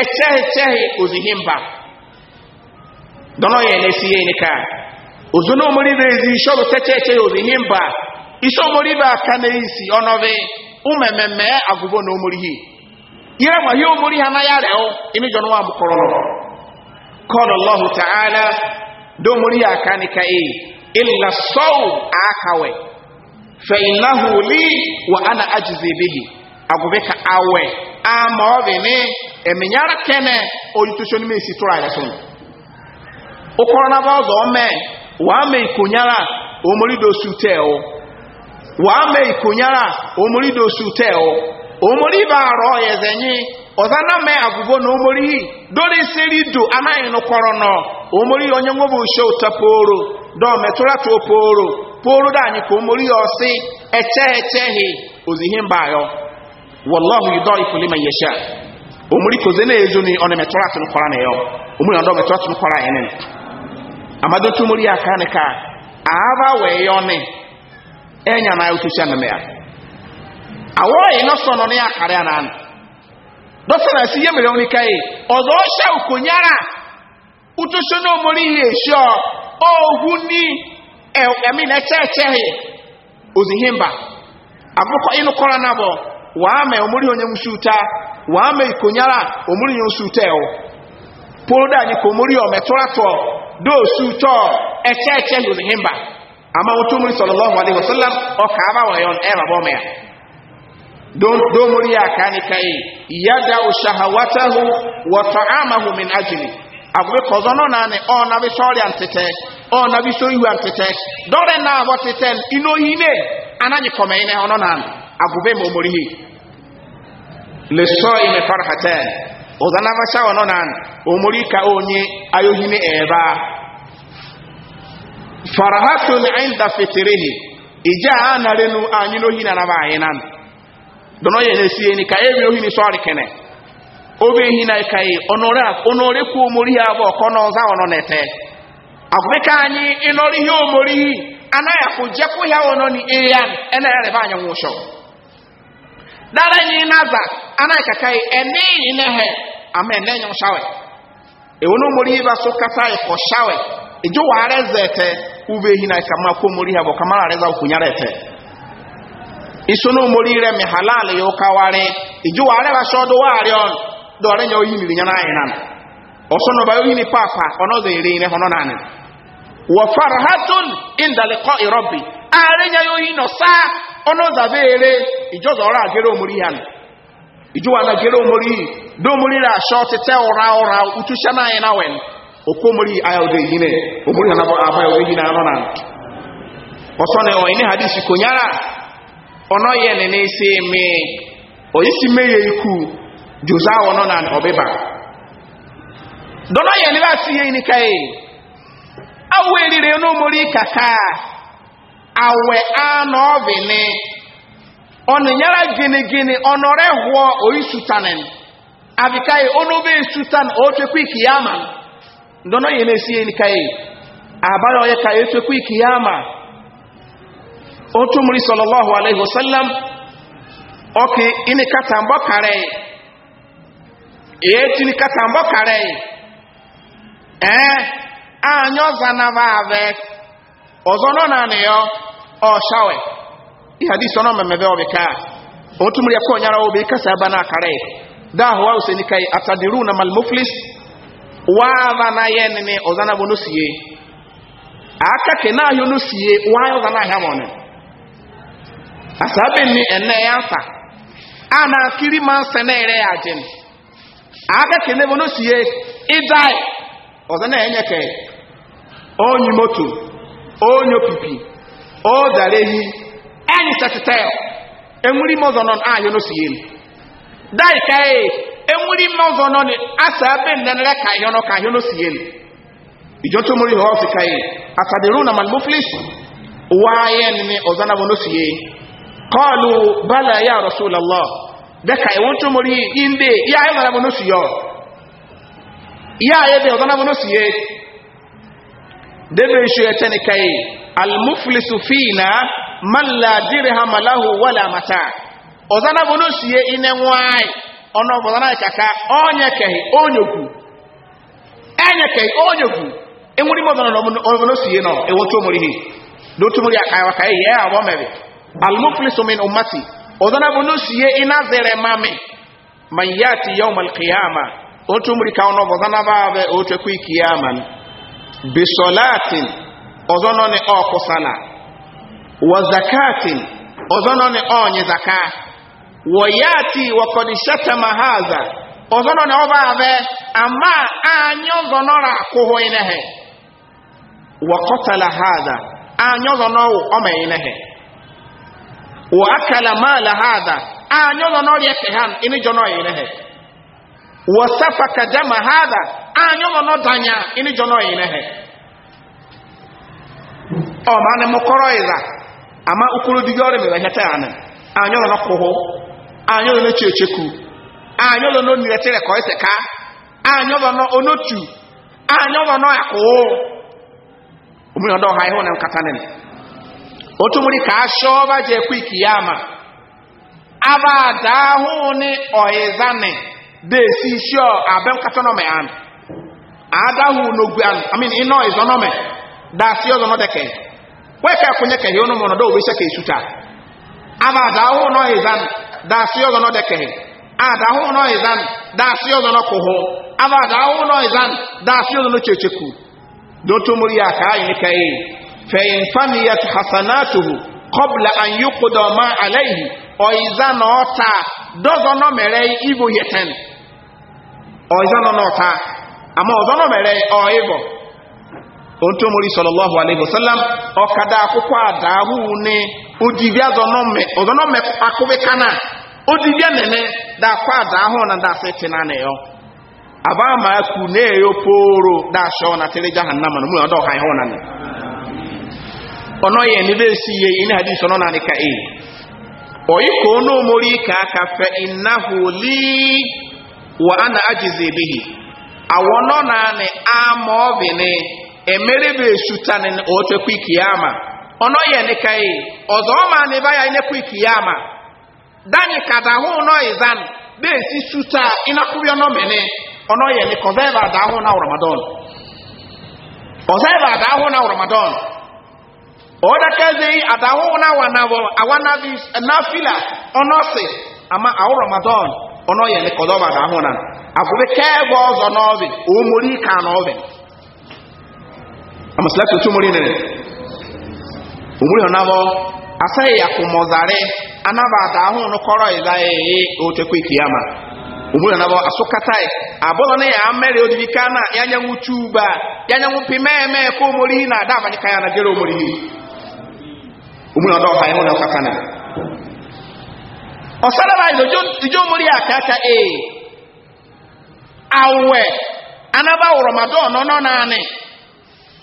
ɛkyɛhekyɛhe ozihimba dɔnɔ yɛ n'esi yɛ nika ozono omori na ezi isɔbu tɛkyɛkyɛhe mba, isɔmori ba aka na esi ɔnɔbi umɛmɛmɛ agogo na omori yi yɛ ma omori ha na o imi jɔ no wa bukɔrɔ no lɔhu taala yɛ aka nika e, ila sɔw akawɛ fɛ wa ana bihi ka awɛ. ama ɔbɛ ne ɛmɛnyara kɛnɛ oyitosɔ ni mesi tora yɛ so okɔrɔ naba ɔzɔ ɔmɛ wàámɛ ìkònyára òmòrídòsù tẹ́ ọ wàámɛ ìkònyára òmòrídòsù tẹ́ ọ òmòríbà àrọ ẹ̀zẹ̀yìn ọ̀zánámẹ́ na òmòrí dórí sírídò anáyìnukọrọ nọ òmòrí onyenwóbù ṣe òtọ pooro dọ́ọ̀mẹ́túrátò pooro wallahu yudaifu liman yasha omuri koze na ezo ni na metora tun kwara na yo omuri ondo metora tun kwara ene amado tumuri aka ne ka aba we yo ne enya na utusha na mea awo e no so no ya akare ana do so na siye mere oni kai ozo sha ukonyara utusha no omuri he ọ ohuni e, e mi na cheche he ozihimba abukọ inu kọrọ na bọ wàámẹ̀ omúrí onye ń ṣúta ìkònyára omúrí yóò ṣúta ẹ̀ pólódà ní kò mórí ọ̀mẹ̀ tọ́ratọ̀ dóòsù tọ́ ẹ̀ṣẹ́ ẹ̀ṣẹ́ lòdìhìn bà àmọ́ ohun tó mórí sọ̀lọ́lọ́hùn adéhùsọ́lá ọkà àbáwọ̀ ẹ̀yọ́n ẹ̀rọ bọ́mẹ̀ dómórí àkáníkà yìí yàda òṣàhàwátẹ́hu wọ̀tọ̀ àmàhù mi nájìlì àgbẹ̀ kọzọ náà sọ́ọ̀rì sọ́ọ̀rì náà bọ́ yìí náà ọ̀nà agube mu murihi le so ime farhatan ozana masha wono nan omuri ka onye ayohime eba farahatun inda fitrihi ija anarenu anyi no hina na bayi nan dono ye ne sie ni ka ebi ohini so arikene obe hina ka e onora onore ku omuri abo ko no za wono nete agube ka anyi inori hi omuri anayakujeku ya wono ni eya ena ya reba anyi nwusho dara nyi naza ana kakai enei ne he ama ene nyom shawe e wono muri ba so kasa e ko shawe e jo ware zete ube hina kama ko muri habo kama areza ete isono e muri re halal yo kaware e jo ware ba so do ware on do re nyo yi mi nyana ina osono ba yi ni papa ono ze ne hono wa farhatun inda liqa'i rabbi yi no sa ọnụ ụzọ ere ìjọzọ ọrụ agere omori ya ìjọba agere omori domori ra aṣọ tete ụra ụra utucha na anyị na wen okwu omori ayọdọ eyi na omori na abayọdọ eyi na anọ na ọsọ na ọ ịnị hadisi konyara ọnọ ya na n'isi eme oyisi mmehie ikwu joza ọnọ na ọbịba dọnọ ya n'ebe asị ya ịnị ka ya e. awụ eriri n'omori kaka awe anọ ọvịnị ọnịnyara gịnị gịnị ọnọrọ ịhụọ oisutanị abikaye onobe esutan otwekwa ikiyama ndọnọ ya na-esi enikaye abalị onye ka etwekwa ikiyama otu mmiri sallallahu alaihi wasallam ọkị kata mbọ karịa ee tinikata mbọ karịa ee anyị ọzanaba abịa ọzọ nọ naanị ya ọshawe ihadisi ọnọ mmemmebe ọbịka otumuri akọ nyara obi kasa aba na akara ya dahu wa useni kai atadiru na Wa waava na ye nene na bụ nusie aka ke na wa nusie waayọ na ahịa mọ ne asabe nị ene ya asa a na akiri ma nse na ere ya ajị. aka ke ne bụ nusie ịdai na enye ka onye moto onye opipi o dara ehi ẹni sẹtẹtẹl enwuri mọzọ nọ n'ahịa n'osi yẹn dai ka e enwuri ọzọ nọ ni ebe nnenere ka ahịọ nọ ka ahịọ n'osi yẹn ìjọ tó mori hɔ fi ka e asadiru na malmuflis wáyé ni ọzọ náà n'osi yẹn e. kọlu bala ya rasulallah dẹka ìwọn e, tó mori yìí ya yá ayé náà n'osi ya yá ayé dé ọzọ náà n'osi yẹn. E. debe ishu eteni kai almuflisu fina man la dirham lahu wala mata ozana bono sie ine nwai ono bozana kaka onye kehi onyoku enye kehi onyoku enwuri mo dono bono sie no e wotu omuri hi do tu muri akai wa kai ya abo mebe almuflisu min ummati ozana bono sie ina mame man yati yawm alqiyama otu muri ka ono bozana ba be otu ku kiyama bisolatin ọzọ nọ ni ọkụ sala wa zakatin ọzọ nọ ni ọnyị zaka wa yati wa kodishata mahaza ọzọ nọ ni ọba abẹ ama anyị ọzọ nọrọ akwụhụ inehe wa kọtala haza anyị ọzọ nọwụ ọma inehe wa akala mala haza anyị ọzọ nọrọ efe ha ịnịjọ nọ inehe wa safaka dama haza anya nọ n'ọdanya ịnị jọ n'ọyị n'ehe ọ ma na mụkọrọ ịza ama ukoro dị gị ọrịa mere hete anị anya nọ n'ọkwụhụ anya nọ n'eche echeku anya nọ n'onire tere ka ọ ise ka anya nọ n'onotu anya nọ n'akwụhụ omume ọdọ ha ihu na nkata nene otu mmiri ka asọ ọba ji ekwe iki ya ama aba ada ahụ ni ọyịza ni desi isi ọ abem katọ nọ mịa anị adahu n'ogbe anụ i mean ịnọ ịzọnọme daasị ọzọ nọ deke kweka akwụnye kehe ọnụ mọ nọdọ obesa ka esuta aba adahu nọ ịzan daasị ọzọ nọ deke adahu nọ ịzan daasị ọzọ nọ kụhụ aba adahu nọ ịzan daasị ọzọ nọ checheku dotu mụrụ ya ka anyị ka ee fẹ̀yìn faniyat hasanatuhu kọbla an yi kudo ma alaihi ọ̀ìzá na ọta dọ́zọ nọ mere ibu yẹtẹn ọ̀ìzá nọ n'ọta ama ọzọ nọ mere ọ ịbọ otu omori sọlọlọhụ alaihosalam ọkada akwụkwọ ada ahụhụ ne nọ mekọ akụbịka na odibia nene da ada ahụ na asị tina na aba ma ku na eyo poro da asọ na tere jahannama na wa ana ajizi bihi awọ nọ naanị ama ọbịnị emerebe esutani otekwa ikiyama ọnọ yẹ nika yi ọzọ ọma ya inekwa ikiyama dani kadahu nọ izan beesi suta inakwubi ọnọ mene ọnọ yẹ ni ọzọ ebe na ramadan ọzọ na ramadan ọdakeze ọnọ si ama ahụ ramadan ọnọ na akwụbe kebe ọzọ n'ọbị, omori ka n'ọzọ amasalasi otu omori nere omori hụ nabọ asaghị ya kụmọzarị anabata ada ahụ nụkọrọ ịza ehe otekwe kiyama omori hụ nabọ asụkata abụọ na ya mere odibi na ya nyanwụ chuba ya nyanwụ pi meeme ka omori na ada amanyị ya na jere omori hi omori ọdọ ọha ịhụ na ọkaka na ọsara ba ijo omori aka aka ee awe anaba wụrụ ma dọọ nọ naanị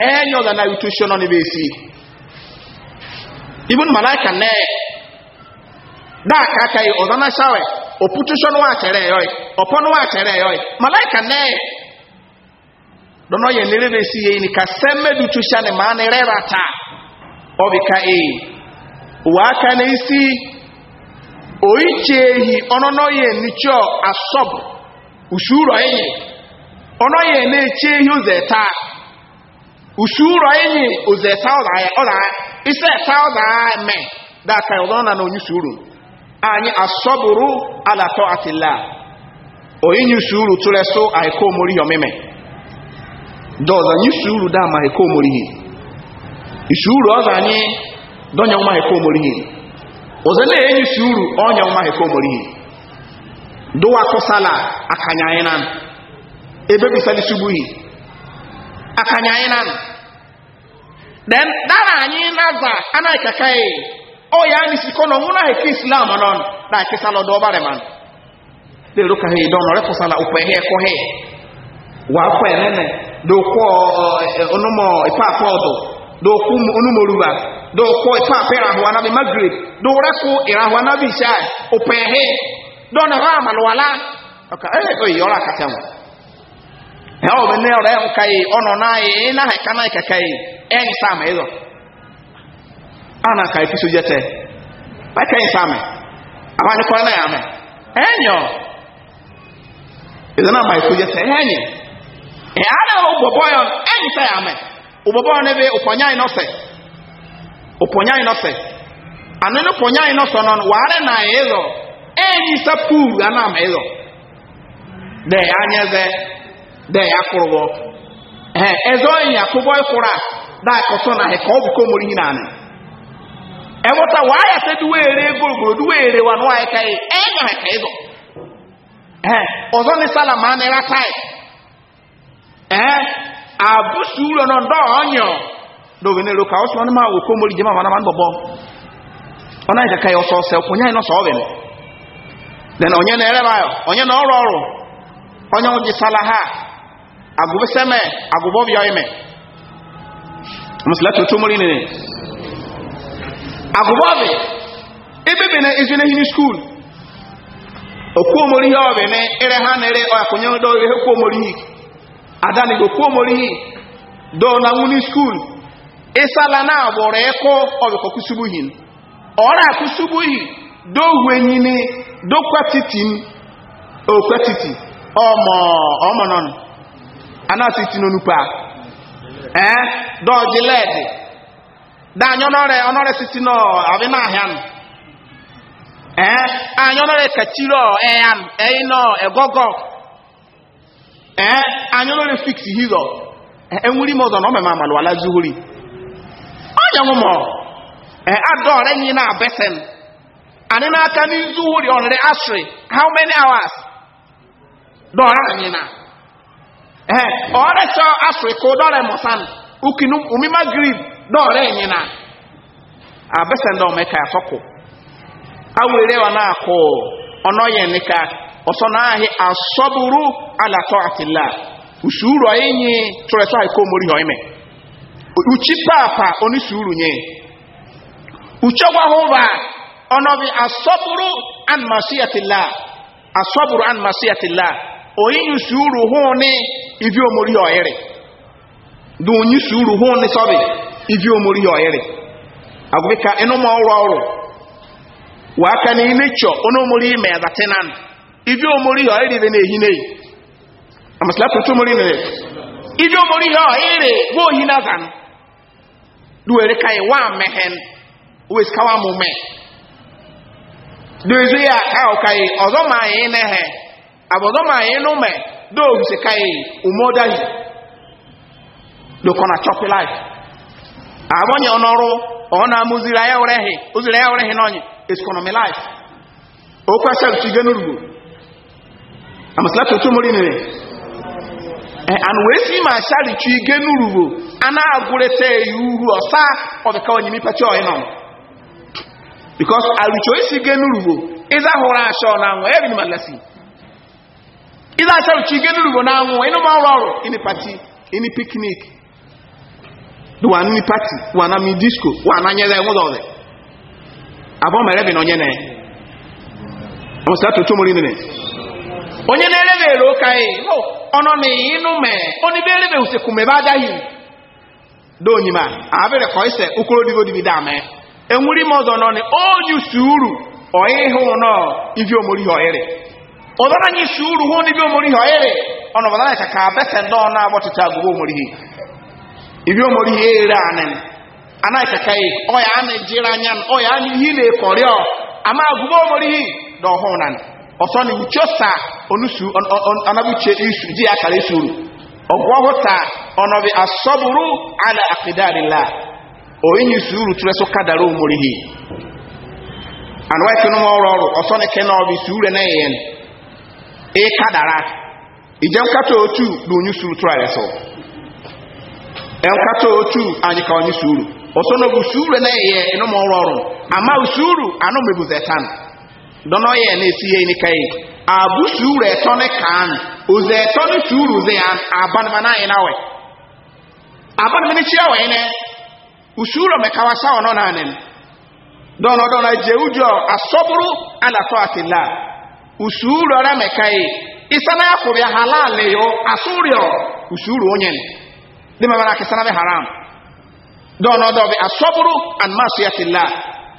enyi ọga na utu shi nọ n'ebe esi ibun malaika ne daa ka yi ọzọ na shawe oputu shi ọnụ achere yoi ọpọ nụ achere yoi malaika ne dọnọ yẹ nire na esi yẹ ni ka sẹmẹ dutu shi ni maa ni rẹra ta ọbi ka eyi ụwa aka na isi oyi chee ehi ọnụ nọ yẹ usuro enyi ọnọ ya na-eche ihe ụzọ eta usuro enyi ụzọ eta ọla ọza isa eta ọza eme data ọzọ na na onye usuru anyị asọbụrụ alatọ atila onye usuru tụrụ eso aiko omori ya omeme dọza onye usuru da ma aiko omori ya usuru ọza anyị dọnya nwa aiko omori ya ọzọ na-enye usuru ọnya ma aiko omori ya duwa ko sala akanya enan ebe bi sali subuhi akanya anyị then dara anyị naza ana kakai o oh, ya ni na no muna he islam anon da ke sala do bare man de ro kai do no re ko sala upe wa ko enene do ko eh, onomo ipa apodo do ku onumo ruba do ko ipa apera na bi do re na bi dɔn ra amalwala ɔka ɛɛ oyi ɔra kata mu ɛɛ ɔbɛ ne ɔrɛ nka yi ɔnɔ naa yi ɛna ɛka naa kɛkɛ yi ɛn sam ɛyɔ ana ka efi sojɛ tɛ ɛkɛ n sam abani kɔrɔ na yamɛ ɛnyɔ ɛdɛ na ma efi sojɛ tɛ ɛnyɛ ɛɛ ana ɔbɔbɔ yɔ ɛn sɛ yamɛ ɔbɔbɔ yɔ ne bi ɔpɔnyan nɔfɛ ɔpɔnyan nɔfɛ anu ne pɔnyan nɔfɛ nɔ wàhálɛ na ɛyɛ zɔ. enyi sapuru anam ịzọ dị anyeze dị akwụrụwọ ee ezọ enyi akwụbọ ịkwụrụ a daakọsọ na ka ọ bụ ka omori na anị ẹwọta wàá yàtẹ duwe ere gbòrògbòrò duwe ere wà nùwà ẹka ị e, ẹnyọ ẹka ịzọ ee ọzọ ní sálàmù anị rata yìí ee àbùsù ụlọ nọ ndọ ọnyọ dọwọ ní eroka ọsọ ọnụ ma wò kọ omori jẹ ma ma na ma ń ọ náà yẹ kaka yẹ ọsọ ọsẹ ọkùnrin yẹn ọ bẹ then onye na-ere ya onye na ọrụ ọrụ onye nwụji sala ha agụbeseme agụbọbịa ime musulatu tumuri nene agụbọbi ebebe na ezi n'ehi skuul okwuomori ihe ọbịa na ere ha na-ere ọyakwụnye ndo ihe kwuomori adanigo kwuomori do na nwuni skuul ịsala na agbụrụ ịkụ ọbịkọ kusubuhin ọrụ akwusubuhi dogwenyini dokwatitin m ọmọ ọmọ nọ anasi ti nonupa ẹ dọọji lẹẹdi danyọ nọrẹ ọnọrẹ siti nọ abi n'ahịa e e nọ ẹ anyọ nọrẹ kachirọ ẹya nọ ẹyi nọ ẹgọgọ ẹ anyọ nọrẹ fiksi hizọ enwuri m ọzọ na ọmọ amalu ala zuhuri ọnyọ nwụmọ ẹ adọọrẹ nyi na abẹsẹ nọ. anyị n'aka n'izu uri ọrịrị asịrị how many hours dọrọ anyị eh, ah, ah, na ee ọrịa chọ asịrị ka ụdọrọ mụsan ukinu umima grib dọrọ anyị na abịasa ndị omeka afọkụ awere wa na-akụ ọnọghị nika ọsọ n'ahị asọbụrụ alatọ atila usuru enyi tụrụ ịtọ iko mori ha ime uchi papa onye suru nye uche ọ̀nà asọpụrụ asọ́bùrù and masiyatila asọ́bùrù and masiyatila òyìn sùúrù hún ní ibi omori ọ̀ẹ́rẹ̀ dùnyìn sùúrù hún ní sọ́bì ibi omori ọ̀ẹ́rẹ̀ agụbika ka ma ọrụ ọrụ wee aka na ime chọ onye omori ime azate na ndụ ibi omori ha dị na ehi na ehi amasịla tutu omori mere ibi omori ha bụ oyi na azan duwere ka ịwa mehe wee sikawa mụ mee dozu ya ọzọ kae ɔzɔ maa yi ne hɛ abɔzɔ maa yi no mɛ si kae umoda yi dokɔna tsɔpi laayi abɔnyɛ ɔnɔro ọ na yɛ wrɛ hi uzira yɛ wrɛ hi n'ɔnyi esikɔnɔmi laayi okɔ ɛsɛ tutu gɛ n'olugu amusala tutu mori ma ọyị because alichoisi genurubo iza hụrụ achọ n'anwụ ebe ni iza n'anwụ ịnụ ọrụ ọrụ ịnị pati ịnị piknik wa na mi na abụọ mere ebe na onye na ọmụsa onye na-erebe elu ụka yi ọnọ na ịnụ onye mebe adaghị do onye ma abịrị okoro enwuri m ọzọ nọ ni onye suru ọhịhụ nọ ivi omori ọhịrị ọzọrọ anyị suru hụ n'ivi omori ọhịrị ọnọbọdọ anyị kaka abese ndọ na agbọtụta agụgbọ omori hi ivi omori hi ere anị anaghị kaka yi ọya a na-ejere anya ọya anyị ihe na-ekọrị ọ ama agụgbọ omori hi na ọhụụ na ọsọ na uchosa onusu anabuche isu ji akara isuru ọgwụ ọhụta ọnọbi asọburu ala akidarila onye suru ture so kadara omori hi and wife no mo ro ro oso ne ke na obi sure na yen e kadara Ije nkata otu na onye suru ture so en kato otu anyị ka onye suru oso no bu sure na ihe no mo ọrụ, ro ama usuru anu mebu zetan dono ye na esi ye ni kai abu sure eto ne kan Ozi eto ne suru ze an abanmana ye na we abanmana chi awe ne Ushuru mekawa sawa no nanen dono dono jeujo asoburu ala taati la ushuro ra mekai isana ya ya halale yo asurio ushuru onyen dima bana kisana be haram dono do be asoburu an masiyati la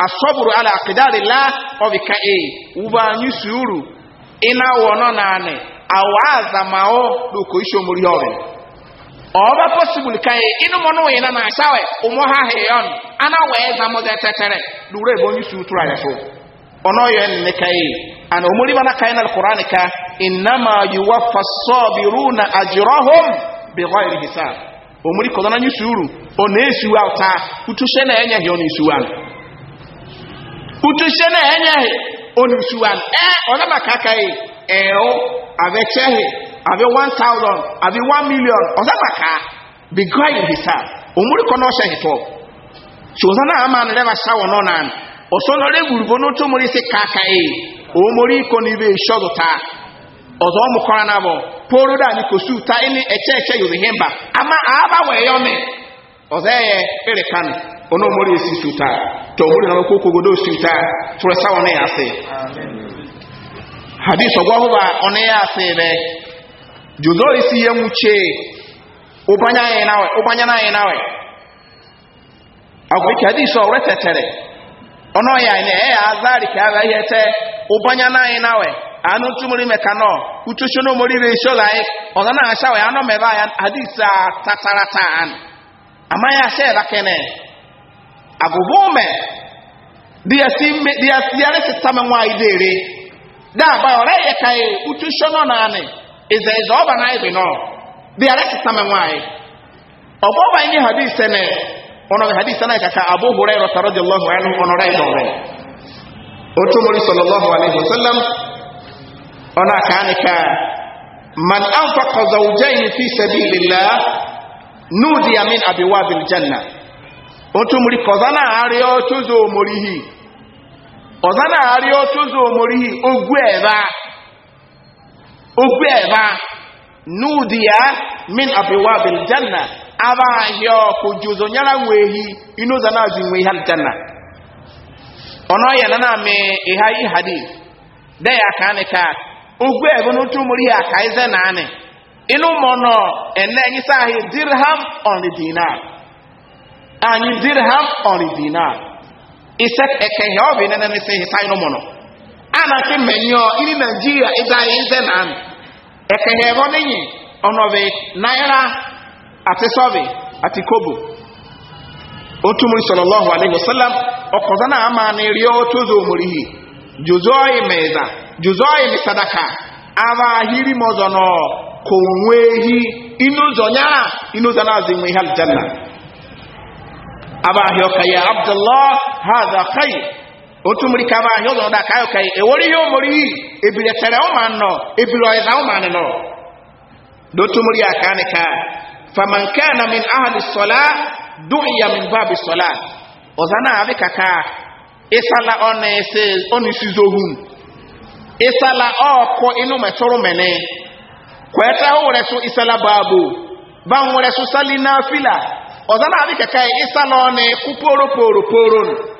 asoburu ala aqdari la o bi kai uba nyusuru ina wono nane awaza mao duko isho muri yobe ọba possible ka e inu mọ no e yina na asawe ụmụ ha he yon ana wee za mo de tetere dure bo nyi su tura ya so ono yo ne kae ana umuri bana kae na alquran e ka inma yuwaffa sabiruna ajrahum bighairi hisab umuri ko na nyi suru ono esu auta utushe na enye he ono esu an utushe na enye he ono esu an eh ona makaka e ero avechehe àbí one thousand àbí one million ọ̀sán màkà bí grind hìsà òmùrí kan náà ṣẹ̀yìn tọ̀ ṣùgbọ́n náà máa nà lẹ́bàá ṣáwọ̀ náà nà ọ̀sán ọ̀rẹ́ gbùrùgbò ní tó múrí sí kàkà yìí òmùrí kan níbi ìṣọ́dọ̀ta ọ̀sán ọmọ kọ́ra náà bọ̀ póró dà ní kò ta ẹni hìn bá àbá mi kan sí náà kó náà yà jụzọ isi ihe nwuchie ụbanya anyị nawe ụbanya e e. na anyị nawe agwụike adịghị sọ ọrụ tetere ọnụ ya anyị na-eya azarị ka agha ihe tee ụbanya na anyị nawe anụ ntụmori mekanọ utucho na omori rere shola anyị ọzọ na acha wee anọ mebe anyị adịghị sa tatara taa amaghị acha ebe kene agụba ume dị ya si ya resịta m nwaanyị dere dị agba ọrịa ihe ka utucho nọ naanị ịza ịza ọba na ibi nọ dị ara kịta ma nwaanyị ọgbọ ọba ihe hadis sene ọnọdụ hadis sene kaka abu hore rọta rọdi allahu anhu ọnọdụ ịdọ ọrụ otu mori sallallahu alaihi wasallam ọna aka anyị ka man anfaqa zawjayn na otu na ogwu okwu ebe a n'ụdị ya min abiwa biljanna aba ahịa ọkụ juzo nyere nwe ehi inu ụzọ na-ajụ nwe ihe aljanna ọnọ ya na na-amị ịha dị. de ya ka anị ka okwu ebe n'otu mụrụ ya ka ize na anị inu mụ nọ ene enyi sa ahị dirham on the dinar anyị dirham on the dinar ise eke ihe ọ bụ ine na-emesi ihe sa inu mụ nọ a na-akị mmenyụọ iri naijiria ịza ihe ize na anị ẹ̀kẹ̀hẹ̀ ẹ̀bọ́ níyìn nye ọ̀bẹ̀ náírà àti sọ́ọ̀bì àti kóbò ó túmọ̀ ìṣọ̀lọ́lọ́hùn àlẹ́ ìwòsálàm ọkọ̀dá náà máa ní rí ó tó zo òmùrì yìí jòzó sadaka ava ahiri mọ̀zọ̀ nọ kò nwe ehi inú zọnyá inú ava ahìọkà yà otumuri kaba anyo zon da kayo kai e wori yo mori ebile tere o man no ebile o eza o man no do tumuri akane ka faman kana min ahli salat du'iya min babi salat ozana ave kaka isala on ese on isi hun isala ọkụ inu metoro mene kweta ho re so isala babu ban re so salina fila ozana ave kaka isala on kuporo poro poro, poro.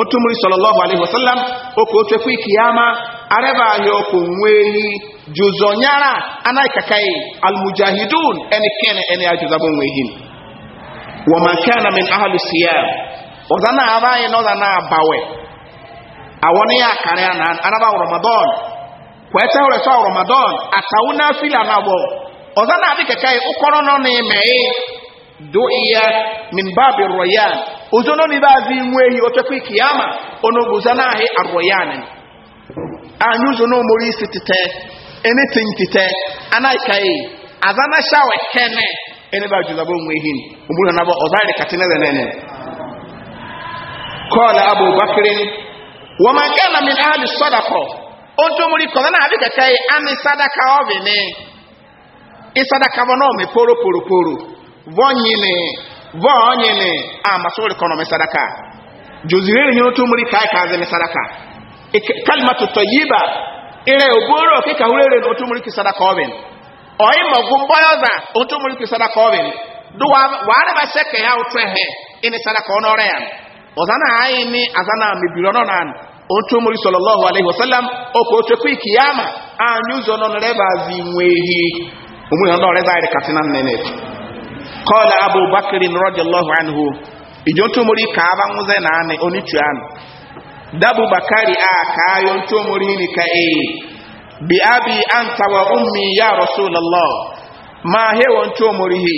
otu mmiri sọlọlọhụ alaihi wasallam oke ochekwa ikiyama areba ahịa ọkụ nwehi juzonyara anaghị kakai almujahidun ẹni eni ken ajuzabo nwehi wọ́n ma kẹ́ na min ahalu siyam ọ̀zá na abá na náà na náà bawẹ̀ ya ní na àná anábà ramadan kwẹ́tẹ́ rẹ̀ sọ ramadan àtàwọn náà fìlà náà bọ̀ ọ̀zá na adé kẹkẹ́ ọkọ̀rọ̀ n'ọnụ ní mẹ́ẹ́ dó iya min báàbí rọ̀yàn uzono ni bazi mwehi otekwi kiyama onoguzana he arroyane anyuzo no muri sitite anything tite anaikai azana shawe hene ene ba juzabo mwehi umuri nabo ozare katine wenene qala abu bakr wa man kana min ahli sadaqa onto muri kozana abika kai ami sadaka obine isadaka bono me poro poro poro vonyine vonye ne a ah, kono me sadaka jozirere nyono muri kai kaze me sadaka e tayyiba ire oboro ke kahurere no to muri ki sadaka oben oyi magumboyoza o to muri ki sadaka oben do wa ware ba seke ya utwe he ini sadaka onore ya ozana ayi ni azana mibiro no nan o to muri sallallahu alaihi wasallam o ko to ku kiyama anyuzo no reba zinwehi umu no reza ire katina nene kọ́ọ̀lá abubakar rọ́jọ́lọ́hùn ànihu ìjọ tó mori kàába ń zẹ́ nàánì onítùánù dábù bakari a kàáyọ tó mori ní ka èyí bí abi an tawa ummi ya rasulallah máa hẹ́ wọn tó mori hì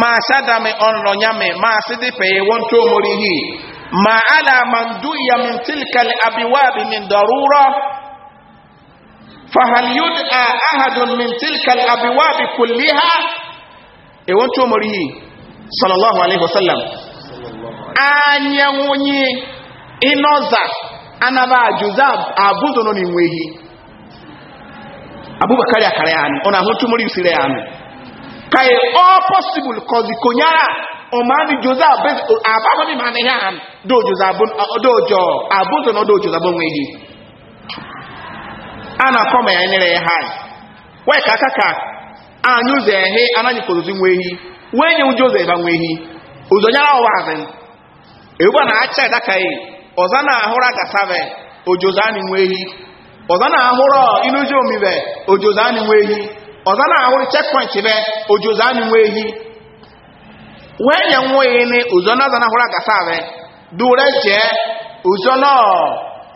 máa sádàmì ọ̀nà nyàmì máa sídìí pẹ̀yẹ wọn tó mori hì máa alàmàndú ìyàmì tìlkàlì abiwábi mi dọ̀rúrọ̀. فهل يدعى أحد من تلك الأبواب كلها ewon to mori sallallahu alaihi wasallam anyanwonye inoza anaba ajuza abuzo no ninwehi abubakari akara ya anu ona hutu mori usire ya anu kai all e, possible cause konyara omani joza ababo ni mane ya anu dojo zabun dojo abuzo no dojo zabun wehi ana koma ya nere ya ka aka ka. anyụzọ ehi anaghị kpọtụtụ nwa ehi wee nye ụjọ ụzọ ebe nwa ehi ụzọ nyara ọwa azị ebe na acha edakaghị ọza e, na ahụrụ agasabe ojoza anyị nwa ehi ọza na ahụrụ inuzi omibe ojoza anyị nwa ehi ọza na ahụrụ chekpọnchị be ojoza anyị nwa ehi wee nye nwa ehi ni ụzọ na aza na ahụrụ agasabe dure jee ụzọ na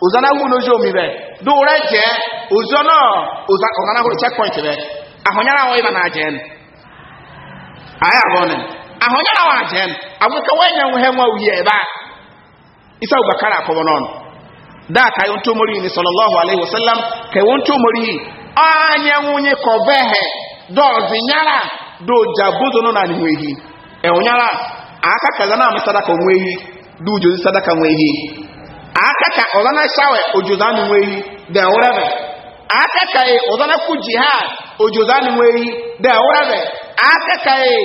ụzọ na ahụrụ inuzi omibe dure jee ụzọ na ụzọ na ahụrụ chekpọnchị be ahonyara awon iba na ajen ayi abone ahonyara awon ajen wee wanya nwe nwa uye ba isa ubakara akobo non Daa ka yon to mori ni sallallahu alaihi wasallam ka yon to mori anya nwunye kovehe do zinyara do jabuzo no na niwehi e onyara aka kaza na amsada ka onwehi du ujozi sadaka nwehi aka ka olana shawe ujozi anu nwehi de orebe aka ka yi jihad ojozani nwere de wurare aka ka e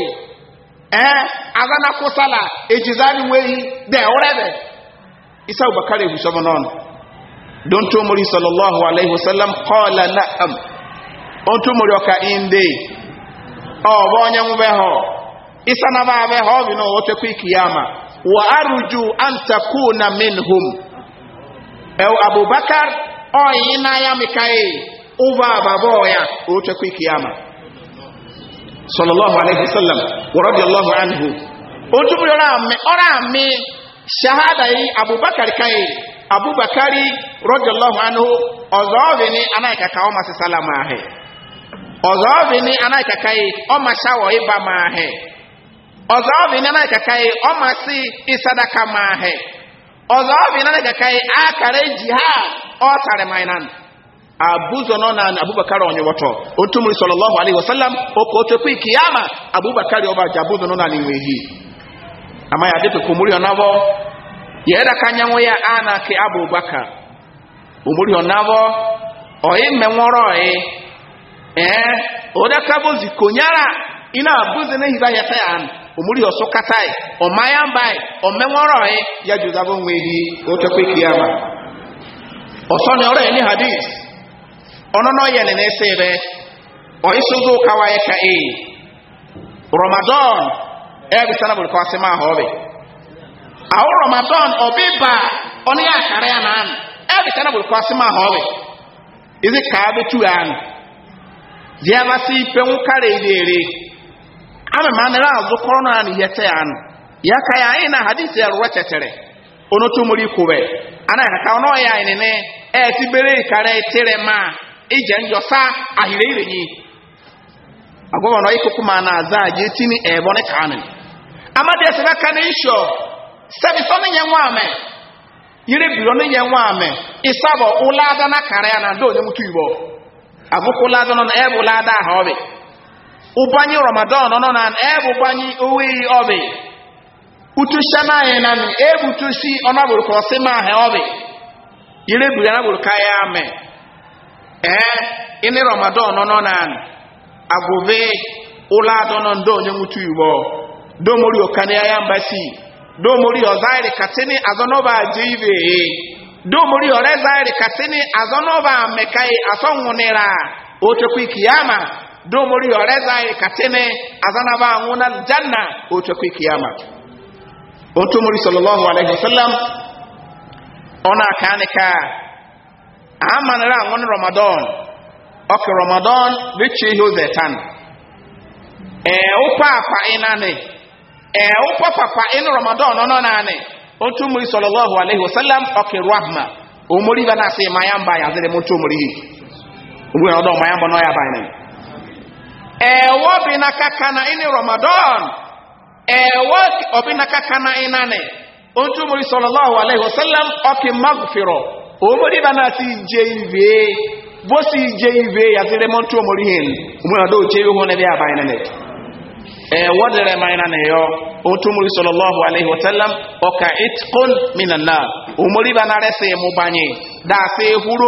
eh azana ku sala ejizani nwere da wurare isa bakare bu sabo non don sallallahu alaihi wasallam kọla na on to ọka oka inde o onye nwe ha isa na ba be ho bi no wote ku kiyama wa arju an takuna minhum aw e, abubakar ọyị n'anya mịkaghị ụba ababa ọya ochekwa ike ya ma sallallahu alaihi wasallam wa radiyallahu anhu otu bụrụ ọrụ amị shahada yi kaị, kai abubakar radiyallahu anhu ọzọ ọbị ni anaghị kaka ọ masị salama ahị ọzọ ọbị ni anaghị kaka yi ọ ma shawa ịba ma ahị ọzọ ọbị ni anaghị kaka yi ọ masị ịsadaka ma ahị ọzọ ọbịa na ga kai akara eji ha ọ tare mainan abuzo nọ na abubakar onye woto otumuri sallallahu alaihi wasallam oko otekwe kiyama abubakar oba ja abuzo nọ na ni wehi ama ya depe kumuri onavo yeda kanyanwo ya ana ke abubakar umuri onavo oyi menworo oyi eh oda kabo zikonyara ina abuzo ne hiba ya tayan omuli osokatai omayambai omenworoi yajuzaba onwehi otokwa ikiyama osoni oro eni hadis onono yene n'esebe oisuzu kawaye ka e ramadan ebisana buli kwasima aho obe aho ramadan obiba oni akara ya naanu ebisana buli kwasima aho obe izi kaabe tu yaanu ziyabasi ipe nwukara iri ere ama maame la azukɔrɔ naa ni yɛtɛ a yaka ya ayi ya hadisi ị kyɛkyɛrɛ ono tó mori kubɛ ana kaka ɔno ɔyɛ ayi nene ɛɛsi e bere kare tere ma egya njɔ ahire ire na ɔyɛ koko maa na aza agye eti ni ɛɛbɔ ne kaa ama ne ne ne na kare ana do ne mu na ụbanye ramadan nọ na ebụbanye oweyi ọbị utusia na anyị na ebutusi ọnagbụrụ ka ọsị ma ha ọbị ire buru anagbụrụ ka ya ame ee eh, ịnị ramadan nọ na agụbe ụlọ adọ Ndị ndo onye nwutu igbo domori okane ya mbasi domori ọzairi katini azọnọba ajọ ibe domori ọrezairi katini azọnọba mekai asọnwụnira otokwu ikiyama domori orezai e katene azanaba anguna janna otu kwe kiyama otu muri sallallahu alaihi wasallam ona kanika amanara angun ramadan oke ramadan bichi hiyo zetan e upapa inane e upapa in ramadan ono nane otu muri sallallahu alaihi wasallam oke rahma omori bana se mayamba ya zere mutu muri ogwe odo mayamba no ya bana ẹ̀wọ́ bí na kakana ẹni ramadan ẹ̀wọ́ ọbí na kakana ne? ontumori sọlọláhu alayhi wa sallam ọkì magufirọ omori bá náà ti jẹ ìwé bó sì jẹ ìwé yàtí rẹmọ ntumori hìn òmùnà dó jẹ ìwé hún ẹbí àbáyé nínú ẹ̀wọ́ dẹrẹ máa iná nìyọ ontumori sọlọláhu alayhi wa sallam itkun minana ehuro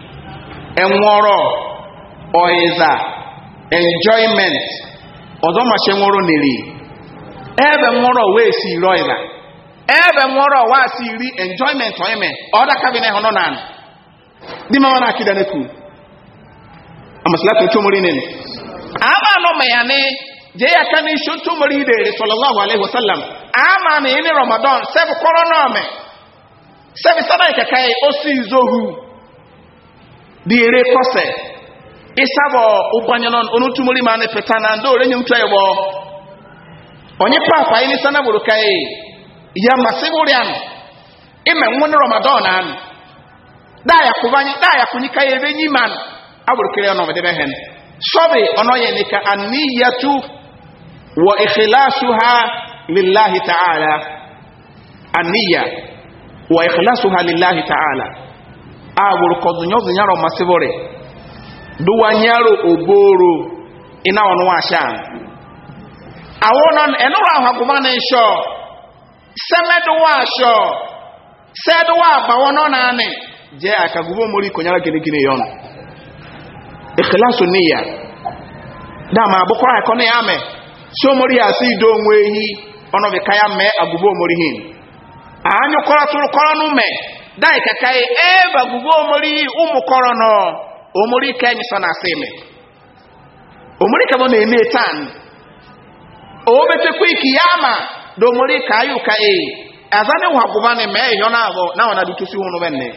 enwọrọ ọịza enjoyment ọzọ machi nwụrụ niri ebe nwụrọ wee si iri ọịza ebe nwụrọ wa si iri enjoyment ọime ọdakabi na ịhụnọ na dị mama na akịda nekwu amasalatu chomori ne ama nọ ma ya ne je ya ka ni sho chomori de sallallahu alaihi wasallam ama na ni ramadan sebe corona me sebe sada ikakai osi izohu diere kɔsɛ isabɔ ugbanyɔnɔ onutumuli ma ne fetana ndo ore nye onye papa wɔ ɔnye paapa yi ni ka ye yamasewori anu ime ŋun ne rɔmadɔn na anu daa yakuba nyi daa ka ebe nyi ma anu abolo kele ɔnɔ ɔbɛ de bɛ hɛn sɔbi ɔnɔ yɛ nika aniyatu wɔ ikhilasu ha lillahi ta'ala aniya wa ikhilasu ha lillahi ta'ala. agwụrụ kọdụ nyọzụ nyarọ bụrị duwa nyarọ ogboro ina ọnụ asha awụ nọ enụrụ ahụ agụba na ịshọ semeduwa ashọ seduwa abawo nọ naanị jee akagubo mori konyara gịnịgịnị ya ọnụ ikhlasu niyya dama abụkwara akọ na ya mee si omori ya si ido onwe ehi ka ya mee agubo omori hin anyụkọrọ tụrụ kọrọ n'ume dai kakai eba e, gugo omori umukoro no omori kenyi so na sime omori ka bo na eme tan o bete ku ikiyama do omori ka ayu ka e azane wa guba ne me yo na abo na ona dutusi hunu benne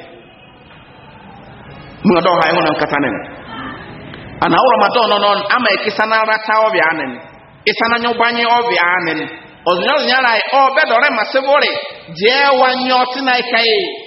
mu do ha hunu katane ana ora madon no non ama ikisa e na rata obi anen isa na nyobanye obi anen ozinyo nyara e o bedore masebore je wanyo tinai e kai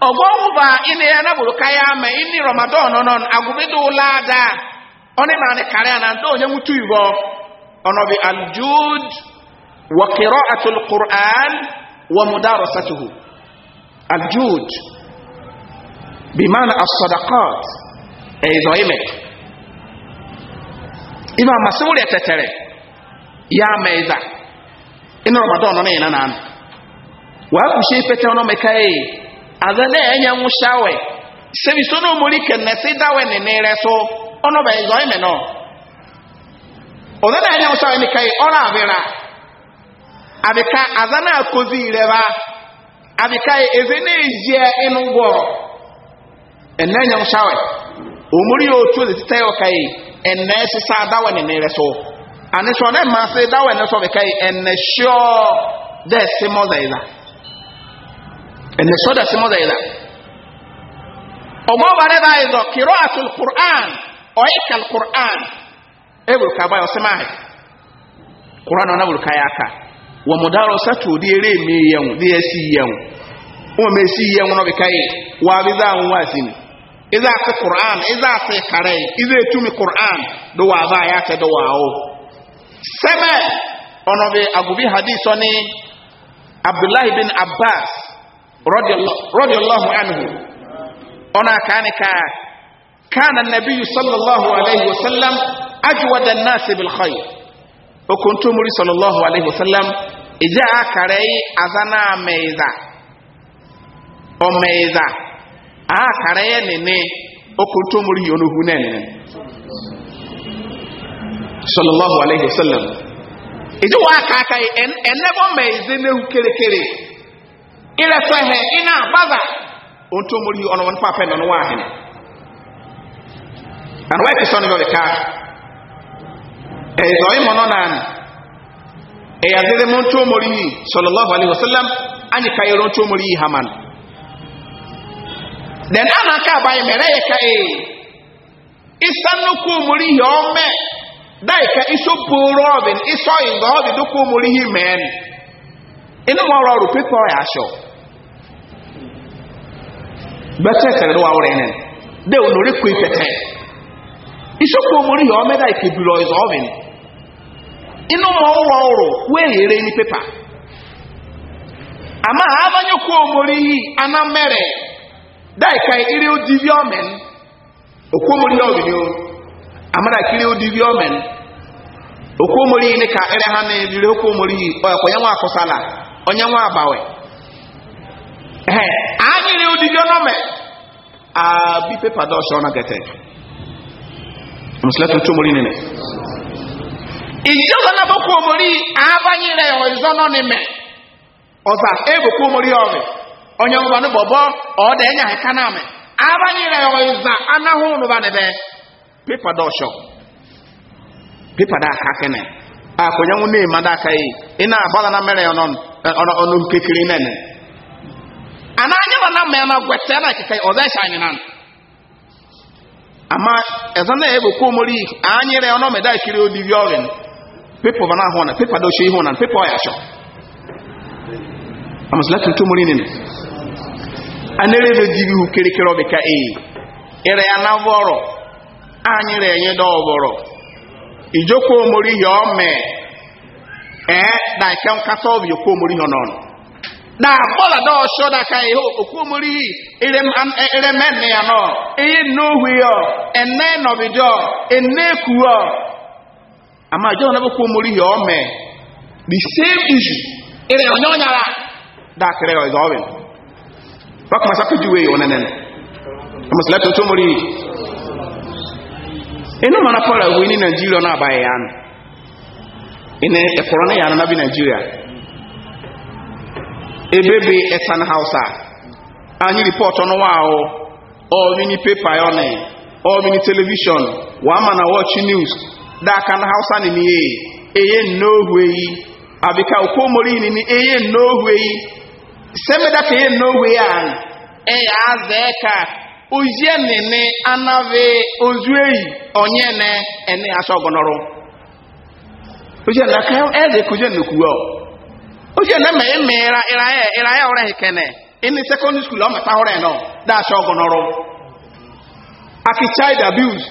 ọgwọ ba ịnị ya nabụrụ ka ya ma ịnị ramadan nọ agụbido ụlọ ada ọnị na karịa na ndị onye nwutu ibo ọnọbi aljud wa qira'atul qur'an wa mudarasatuhu aljud bi ma'ana as-sadaqat e zoime ima masuri tetere ya meza ina ramadan nọ na ina na wa ku shi fete ọnọ mekai Ada na-enye sebi sebiso na omorike nnesi dawe nenere so ọnụ bụ ịzọ ime nọ ọdha na-enye nwụshawe mika ọrụ abịra abịka ada na-akụzi ireba abika eze na-ezie ịnụ ụgwọ enenye nwụshawe omori otu ezitite ya ọka ene sisa dawe nenere so anisọ na mmasị dawe nenere so bịka ene shọọ desi mọza ịza ẹnẹ sọdọ sí mọdà yìí la ọmọ ọba rẹ báyìí lọ kìrọ àtúl kur'an ọyẹ kàn kur'an ẹ wòlùkà báyìí ọsẹ máa kur'an ọ̀nà wòlùkà yà ká wọ́n mu dárò sátú di eré mi yẹn di ẹsì yẹn wọ́n mi sì yẹn wọn bìkà yìí wàá bí dáa ń wá sí mi ìdá àti kur'an ìdá àti kàrẹ́ ìdá ètúmi kur'an ló wàá bá yà kẹ́ dọ̀ wàá o sẹ́mẹ̀ ọ̀nà bí agubi hadith sọ ní abdullahi bin abbas radiyallahu anhu ona kaani ka kana nabiyu sallallahu alayhi wa sallam ajwada an-nasi bil khayr o kuntu muri sallallahu alayhi wa sallam ija akarai azana meiza o meiza akarai nene o kuntu muri yono hunene sallallahu alayhi wa sallam ija wa akakai en enebo meize ne ukerekere ilẹ̀ sẹ̀hẹ̀ ina bàbà ohun tó mórí ọ̀nà wọn pàpẹ́ nínú wà hẹ́nẹ̀ àwọn ẹ̀kẹ́ sọ́ni bẹ̀rẹ̀ ká ẹ̀yẹ̀dọ̀ ìmọ̀ náà nà ní ẹ̀yà dẹ́dẹ́ mú tó mórí yìí sọlọ́lọ́hu alayhi wa sallam ányì ká yẹ̀rọ tó mórí yìí àná ká yẹ ká ee ìgbà bɛtɛ tɛrɛ do awore ne de o lori kwe tɛtɛ isopo mori yɛ ɔmɛ da ike bi lɔ ɛzɔ inu mɔ ɔwɔ ɔrɔ pepa ama abanyo ko mori yi ana mɛrɛ da ka iri o ama ike iri o divi ɔmɛn oko yi ni ka ɛrɛ ha ne okwu oko yi kɔnyɛ ɔnyɛ Anyị anyịrị ụdịdị ọnọme abi pepa dị na gete musulatu tumori nene ìjọba náà bọ́ kó mori abanyere ọ̀zọ́ náà ni mẹ́ ọ̀sà ebo kó mori ọ̀rẹ́ onye ọba ní bọ̀bọ́ ọ̀ọ́dẹ̀ ẹ̀yà ẹ̀ka náà mẹ́ abanyere ọ̀zà anáhùn nùbà níbẹ̀ pepa dị ọsọ pepa dị aka kene akọnyanwụ na-ema dị aka yi ị na-agbala na mere ọnụ ọnụ kekere nene. mẹ́rin náà gbẹ̀tẹ́ náà kẹkẹ́ ọ̀dẹ́ ṣàyìn náà àmà ẹ̀sán náà ẹ̀bù kó mórí àányí rẹ̀ ọ̀nà mẹ́dá ìkiri ó dìbí ọ̀rìn pépà bá náà hàn náà pépà na ihò náà pépà ọ̀yà ṣọ. àmọ̀sílẹ̀ tuntun mórí Anere anẹ́rẹ́ bẹ dìbí hu kérékéré ọ̀bẹ ká èyí na bola da osho da kai ho oku muri irem an e, irem me ya no e no hu yo enne no bi eku enne ku yo ama jo na ku muri yo me the same issue ire onyo nya la da kere yo is oven pak masa ku juwe yo nenen ama sele to muri enu mana pola nigeria na abai ya ni ene e korona na bi nigeria ebebe esan house a anyị ripọt ọnụwa ahụ ọmini pepa ọnị ọmini telivishọn wa ama na wọchi niwus daka na hausa ni miye eye nnohu eyi abika okomori ni ni eye nnohu eyi semeda e ka eye nnohu eyi ahụ eye aza eka ozie nene anaghị ozu eyi onye na ene asọ gọnọrọ ozie naka eze kuzie nnukwu ọ oṣù ẹ̀nà mẹ̀yẹ mẹ̀ra ịra ìrayẹ e, ịra ìkẹnẹ e ẹni secondary school ọmọ ẹ̀ta ọ̀rẹ́ náà dáṣọ ọgọnọrọ aki child abuse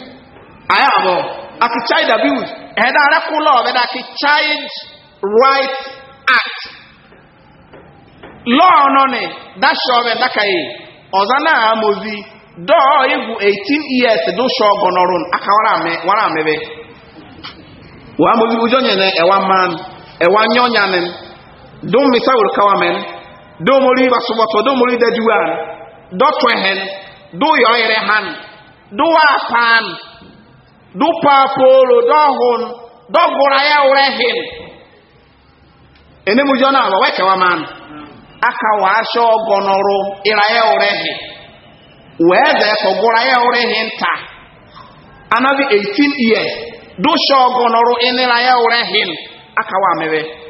ayé àbọ̀ aki child abuse ẹ̀dá arẹ́kúnlọ̀ ọ̀bẹ̀dá aki child right act lọ́ọ̀ ni dáṣọ ọ̀bẹ̀ dákàyè ọzọ náà amòzi 18 years aka man dum misawul kawamen dum ori basubato dum ori dajuwan do twehen do yoyere han do apan do papolo do hun do goraya urehin ene mujona wa weke wa man aka wa asho gonoru iraya urehi weze ko goraya urehi nta anabi 18 years do sho gonoru ure urehin aka wa mewe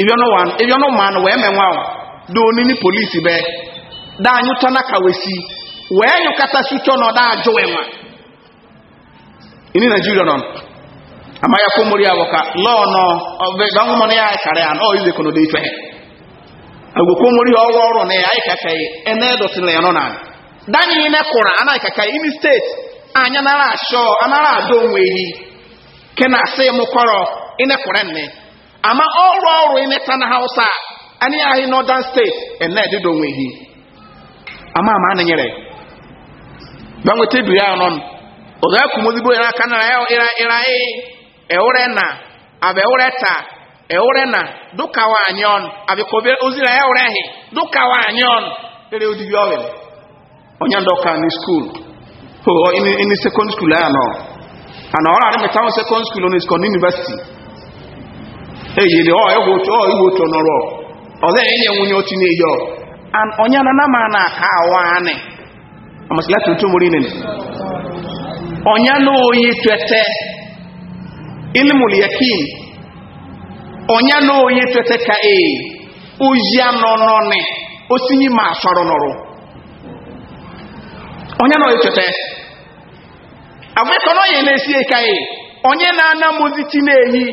Ebi ịbịanụ ma anụ wee menwa ahụ dị onini polisi bee da anyụcha na ka wesi wee nyụkata sucho na ọda ajụ enwa ini naijiria nọ ama ya kwomori ya wọka lọọ nọ ọgbọmọ ya kara ya nọọ ize kono dị ife agwọ kwomori ya ọrụ ọrụ na ya anyị kaka ya ene dọtị na ya nọ na dani ine kụra anaghị kaka ya imi steeti anya nara ashọ anara adọ onwe ehi ke na asị mụ kọrọ ine kụra nne ama ọrụ ọrụ ịneta na hausa anyị ahị northern state ene edodo onwe ama ama anyị nyere gbanweta du ya nọ ọzọ ekwu mozigbo ya aka na ịra ịra ị ewure na aba ewure ta ewure na dukawa anyị ọnụ abịakọbịa ozi na ya ewure hi dukawa anyị ọnụ dere odibi ọhịa onye ndọka ni skuul ho ini sekọnd skuul ya nọ ana ọrụ arịmịta sekọnd skuul onye skọnd yunivasiti eyiri ọ ịhụ ụtọ ọ igwu ụtọ nọrọ ọ ọzọ enye nwunye otu n'iyi ọ onye na nama na aka awa anị amasịla tuntun mori nene onye na oyi tete ilmul yakin onye na oyi tete ka e ozi anọ n'ọnị osinyi ma asọrọ nọrọ onye na oyi tete agwekọ n'onye na-esi eka e onye na-ana mozi chi na-eyi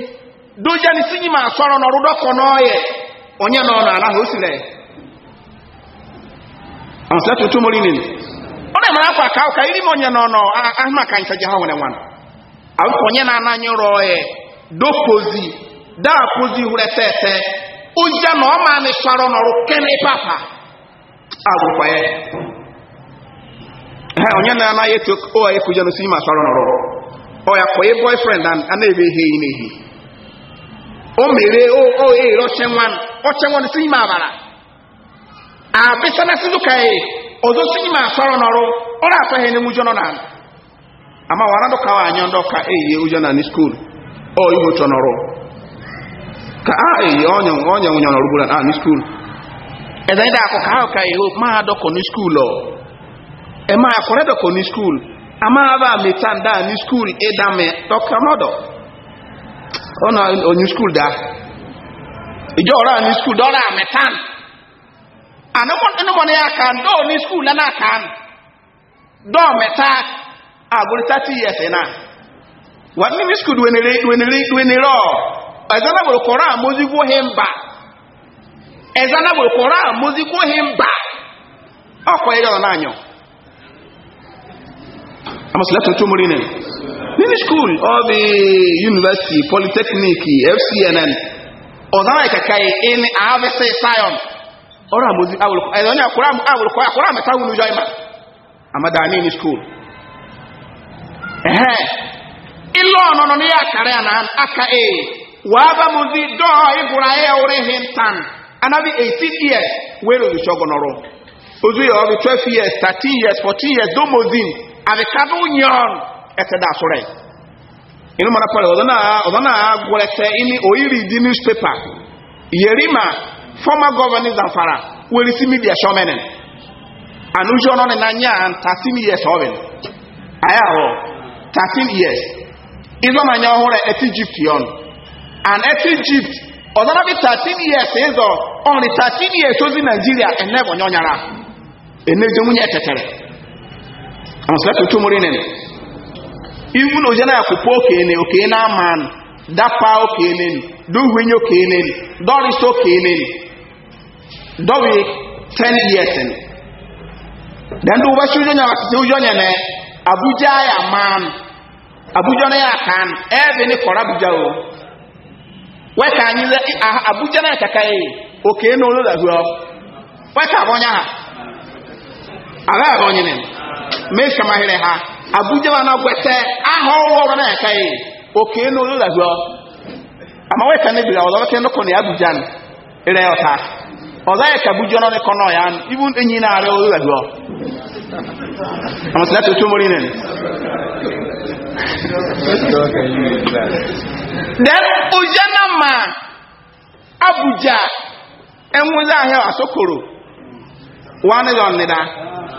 doja ni sinyi ma asọrọ na ọrụdọ onye nọ n'ala ha o sire ansa tuntun mori nini ọ na mara akwa ka ka m onye nọ n'ọ ka ncha ji ha nwere nwanụ akwụkwọ onye na-ana anyị rọ kozi dopozi daapozi hụrụ ete ete ụja na ọ n'ọrụ kene papa ya onye na-anaghị eto ọ ya kụja n'osi ma asọrọ n'ọrụ ọ ya kọ boyfriend a na o mere o ere ọchẹ nwa ọchẹ nwa si ime abara abịsana sizu ka ọzọ e, si ime asọrọ n'ọrụ ọrụ atọ ha enemu n'ala ama wara ndụ kawa anya ndụ ka eyi ụjọ na ka a eyi ọnyọ nwunye ọrụ na skul Ede ndị ahụ ka ihe ọ e a máa bá mi tá ọ̀nà onye skul daa ìjọ ọ̀rọ̀ àni skul dọ́rọ̀ àmẹ́tàn ànúmọ̀ni àkà dọ́ọ̀ ní skul lẹ́nà àkà dọ́ọ̀ mẹ́ta àgùrì thirty years náà wà ní ní skul wẹ̀nẹ̀rẹ̀ wẹ̀nẹ̀rẹ̀ ọ̀ ẹ̀zá náà wòlò kọ̀ọ̀rọ̀ àmózígbó hì ń bà ẹ̀zá náà wòlò kọ̀ọ̀rọ̀ àmózígbó hì ń bà ọkọ̀ ẹ̀yọ̀ náà yàn àmọ̀sílẹ̀ tuntun nínú school ọbí university polytechnic fcnn ọ̀dánwà ìkàkà ìní àáfẹ́sẹ̀ sion ọ̀rọ̀ àmójú ẹ̀dọ́ni àkúrà mẹ́ta wùlú jọ ìmà àmàdàmí ní school ẹ̀hẹ́ ilọ́ ọ̀nà ní àkàrẹ́ àná aka e wàá bá mu di dọ́ọ̀ ìgbòrò ayé orí hin tan anabi eighteen years wẹ́rẹ́ olùṣọ́gun ọ̀rọ̀ ojú yẹ ọ̀rọ̀ twelve years thirteen years fourteen years domozin àbíkadó yẹn ọ̀rọ̀. ɛtɛ da asɔrɔ yi inú mara ɔdɔ náà ɔdɔ oyiri di newspaper yerima former governor zamfara wòle si media sɔmɛnɛ anuzu ɔnɔ ni nanya thirteen years ɔbɛn ayé awɔ thirteen years izɔn anya ɔhɔrɛ ɛti yɔn and ɛti egypt ɔdɔ náà bi thirteen years ɛzɔ years ozi nigeria ɛnɛ bɔ ɛnɛ jɛmu tɛtɛrɛ àwọn iwu na ojena akwụkwọ okene okene aman dapa okene duhwinye okene doris okene dobi ten years then do wasu ujanya wakati ujanya ne abuja ya man abuja na ya kan ebe ni kora abuja o weka anyi abuja na ya kakai okene olo da huo weka abonya ha ara abonya ne me shamahere ha abuja ma na gwete aha ọrụ ọrụ na aka yi oke enu olu la hụọ ama wee ka ne bila ọzọ wee nnukwu na ya abuja no ere ọta ọzọ ya ka abuja nọ n'ekọ nọ ya no ibu enyi na ara olu la hụọ amasị lati otu mori nene then oja na ma abuja enwezi ahịa asokoro wa ne lọ nida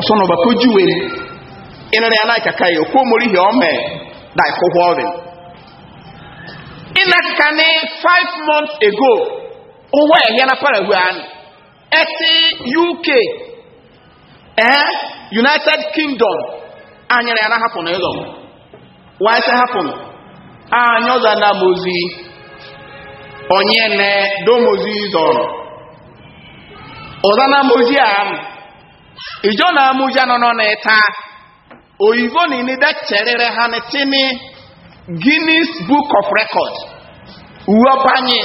ọsọnọ bako juwe ịnara ya n'aka ka ya okwu omori ihe ọmị na ịkwụkwọ ọrịa ịnaka ni five months ago ụwa ịhịa na paraguay ahụ eti uk eh united kingdom anyere ya na hapụ na ịlọ why say hapụ anyị ọzọ na mozi onye na domozi zọrọ ọzọ na mozi ahụ ijo na amuja no no na eta oyibo ni ni cherere ha ne tini guinness book of records, uwa banye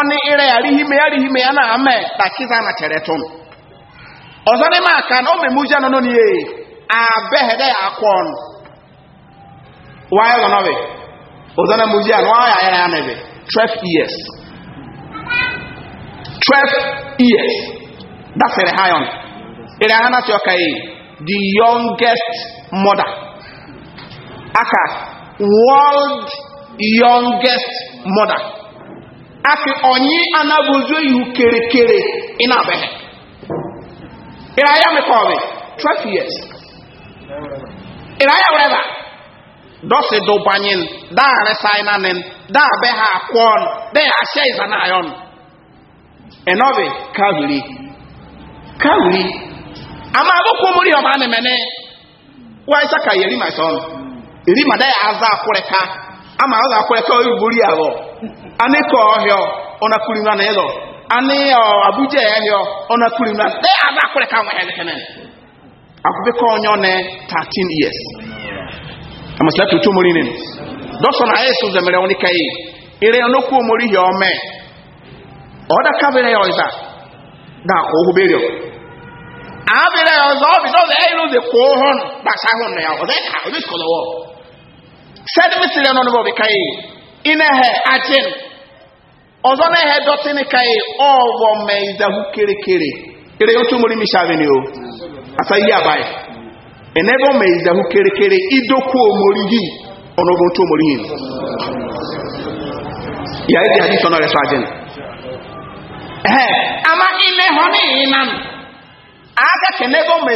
oni ire ya rihime ya rihime ya na ame ta kiza na chere tum ozo ni ma aka na o me muja no no ni e abehede akwon why no we ọzọ na muja nwa ya ya na be 12 years 12 years that's a high on Irahana Siokai, the youngest mother. Aka, world youngest mother. Afi onyi anagozo yu kere kere inabe. Iraya mekobe, twelve years. Iraya whatever. Dose do banyin, da resainanin, da beha kwon, de ashe izanayon. Enobe, kawiri. Kawiri. ama aboko muri ọma ne mene ka yeri my son eri ma da aza akureka ama aza akureka o iburi awo ani ko ohio ona kuri na elo ani o abuja ehio ona kuri na da ya aza akureka wa hele hele akube ko onyo ne 13 years ama sa tutu muri ne dɔsɔ na ayɛ so zɛmɛrɛ wɔn nika yi ere no ko mori hi ome. ɔda kabere yɛ ɔyisa da akɔ ɔhɔ bɛ abịrị ya ọzọ ọ bido ọzọ ịlụ dị kwuo hụ na ya ọzọ ịka ọzọ ịkọlọ wọ na ajin ọzọ na-ehe dọtị n'ika yi ọgwọ mee kere kere otu mori mishavi ni o asa ihe abaghị enebe mee izahu kerekere idokwu omori otu omori ya ịdị hadis ọ nọ ajin ehe ama na aga kene ebe ọma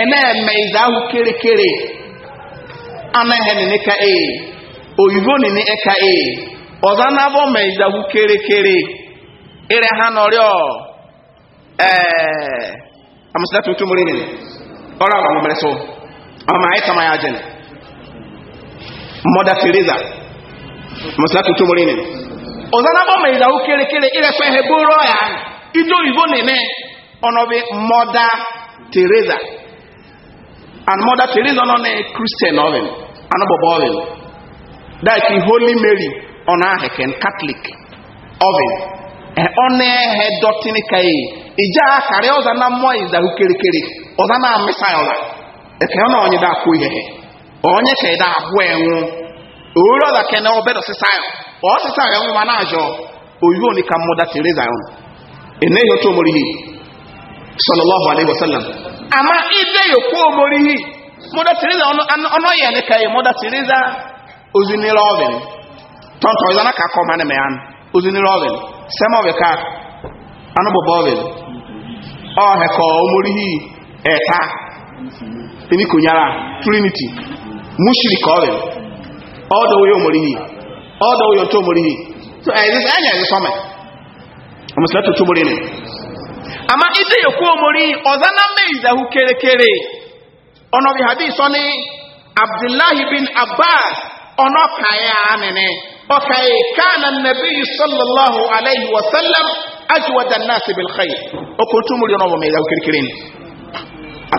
ene eme ịza ahụkerekere anaghị nene ka e oyibo nene e ka e ọzọ anabọ ọma ịza ahụkerekere ere ha nọrịọ ee amasịta tuntun mụrụ nene ọrụ agwa mụbere so ọma anyị tama ya jen mọda teresa amasịta tuntun mụrụ nene oza anabọ ọma ịza ahụkerekere ere so ehe bụrụ ọya ije oyibo nene ọnọbi mọda teresa and mọda teresa ọnọ na kristian ọvin oven. ọvin daiki holy mary on ahịkịn katọlik ọvin ọnọ ehe dọtịnị ka eyi ije akari oza na mmụọ ịzahụ kirikiri Oza na amịsa ọla eke ọnọ onye da akwụ ihe onye ka ịda abụọ enwu owuru ọza kene ọbẹdọ sịsa ya ọ sịsa ya ma na-ajọ oyibo ni ka mọda teresa ọnụ eneghị otu omori hii sallallahu alaihi wasallam ama ide yòókù omori yìí mọ́dá tìrìzà ọ̀nà yẹn ni tìrìzà ozinira ọ̀vìn tọ́ntọ́ ìdáná kakọ ọmọ ẹnìmẹ̀ yẹn ozinira ọ̀vìn sẹ́mu ọ̀vìn ká anúbọ̀bọ̀ ọ̀vìn ọ̀hẹ̀kọ̀ omori ẹ̀ta ẹni trinity mushiri kọ̀ ọ̀vìn ọ̀dọ̀ oyè omori yìí ọ̀dọ̀ oyè ọ̀tọ̀ omori yìí ẹ̀yẹ ẹ̀yẹ ẹ̀yẹ sọ́mẹ̀ ọmọ ama ise yɛku omori ɔzana meizahu kerekere ɔnɔ bi habi sɔni abdullahi bin abbas ɔnɔ kaya anene ɔkaye kaana nabi sallallahu alayhi wa sallam ajuwa danna sibil khayi ɔkutu omori ɔnɔ wɔ meizahu ni.